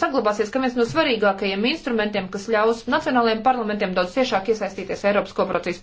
saglabāsies kā viens no svarīgākajiem instrumentiem, kas ļaus nacionālajiem parlamentiem daudz ciešāk iesaistīties Eiropas kooperācijas procesā.